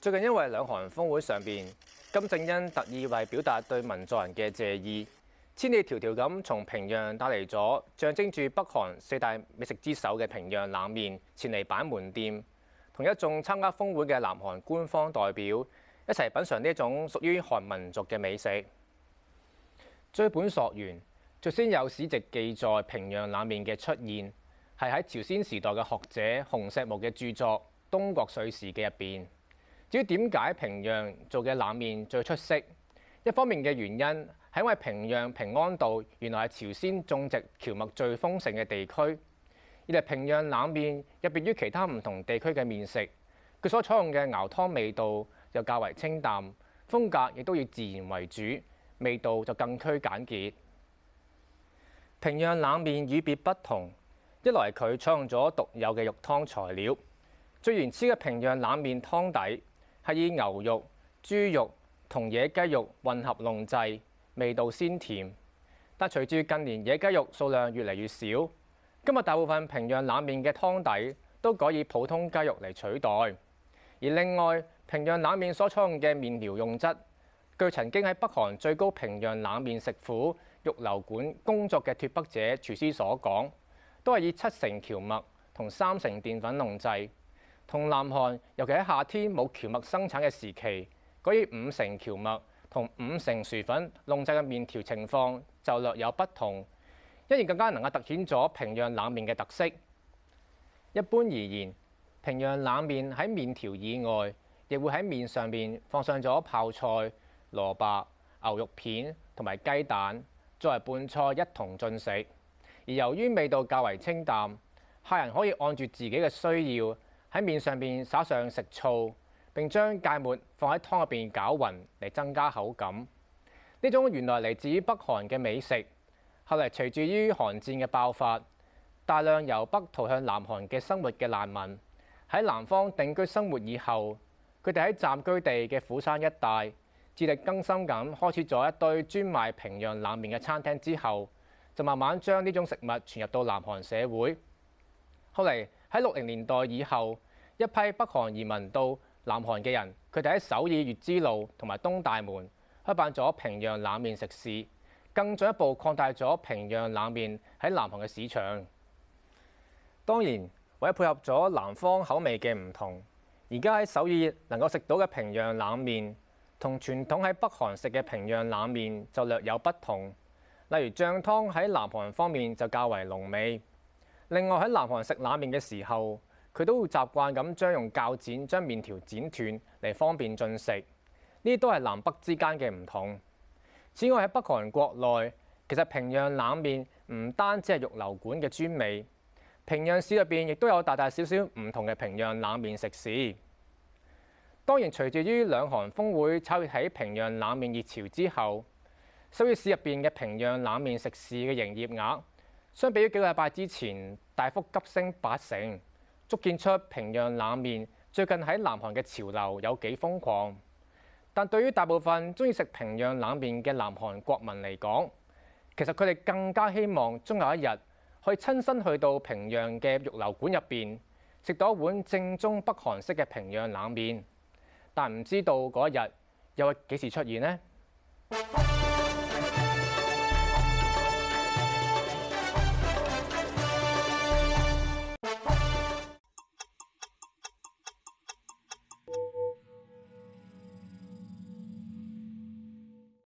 最近因為兩韓峰會上邊，金正恩特意為表達對文在寅嘅謝意，千里迢迢咁從平壤帶嚟咗象徵住北韓四大美食之首嘅平壤冷麵，前嚟板門店，同一眾參加峰會嘅南韓官方代表一齊品嚐呢一種屬於韓民族嘅美食。追本溯源，最先有史籍記載平壤冷麵嘅出現，係喺朝鮮時代嘅學者洪石木嘅著作《東國歲時記》嘅入邊。至於點解平壤做嘅冷麵最出色？一方面嘅原因係因為平壤平安道原來係朝鮮種植蕎麥最豐盛嘅地區。而係平壤冷麵有別於其他唔同地區嘅麵食，佢所採用嘅熬湯味道就較為清淡，風格亦都以自然為主，味道就更趨簡潔。平壤冷麵與別不同，一來佢採用咗獨有嘅肉湯材料，最原始嘅平壤冷麵湯底。係以牛肉、豬肉同野雞肉混合弄製，味道鮮甜。但隨住近年野雞肉數量越嚟越少，今日大部分平壤冷麵嘅湯底都改以普通雞肉嚟取代。而另外，平壤冷麵所採用嘅麵條用質，據曾經喺北韓最高平壤冷麵食府玉流館工作嘅脫北者廚師所講，都係以七成蕎麥同三成澱粉弄製。同南韓，尤其喺夏天冇蕎麥生產嘅時期，嗰啲五成蕎麥同五成薯粉弄製嘅麵條情況就略有不同，因而更加能夠突顯咗平壤冷麵嘅特色。一般而言，平壤冷麵喺麵條以外，亦會喺面上面放上咗泡菜、蘿蔔、牛肉片同埋雞蛋作為伴菜一同進食。而由於味道較為清淡，客人可以按住自己嘅需要。喺面上面撒上食醋，並將芥末放喺湯入邊攪勻嚟增加口感。呢種原來嚟自於北韓嘅美食，後嚟隨住於韓戰嘅爆發，大量由北逃向南韓嘅生活嘅難民喺南方定居生活以後，佢哋喺暫居地嘅釜山一帶自力更生咁開始咗一堆專賣平壤冷麵嘅餐廳之後，就慢慢將呢種食物傳入到南韓社會。後嚟喺六零年代以後，一批北韓移民到南韓嘅人，佢哋喺首爾乙支路同埋東大門開辦咗平壤冷麵食肆，更進一步擴大咗平壤冷麵喺南韓嘅市場。當然，為咗配合咗南方口味嘅唔同，而家喺首爾能夠食到嘅平壤冷麵，同傳統喺北韓食嘅平壤冷麵就略有不同。例如醬湯喺南韓方面就較為濃味，另外喺南韓食冷麵嘅時候。佢都會習慣咁將用較剪將麵條剪斷嚟方便進食。呢啲都係南北之間嘅唔同。此外，喺北韓國內，其實平壤冷麵唔單止係玉流館嘅專美，平壤市入邊亦都有大大小小唔同嘅平壤冷麵食肆。當然，隨住於兩韓峯會炒熱起平壤冷麵熱潮之後，首爾市入邊嘅平壤冷麵食肆嘅營業額相比於幾個禮拜之前大幅急升八成。足見出平壤冷麵最近喺南韓嘅潮流有幾瘋狂，但對於大部分中意食平壤冷麵嘅南韓國民嚟講，其實佢哋更加希望終有一日可以親身去到平壤嘅玉流館入邊食到一碗正宗北韓式嘅平壤冷麵，但唔知道嗰一日又會幾時出現呢？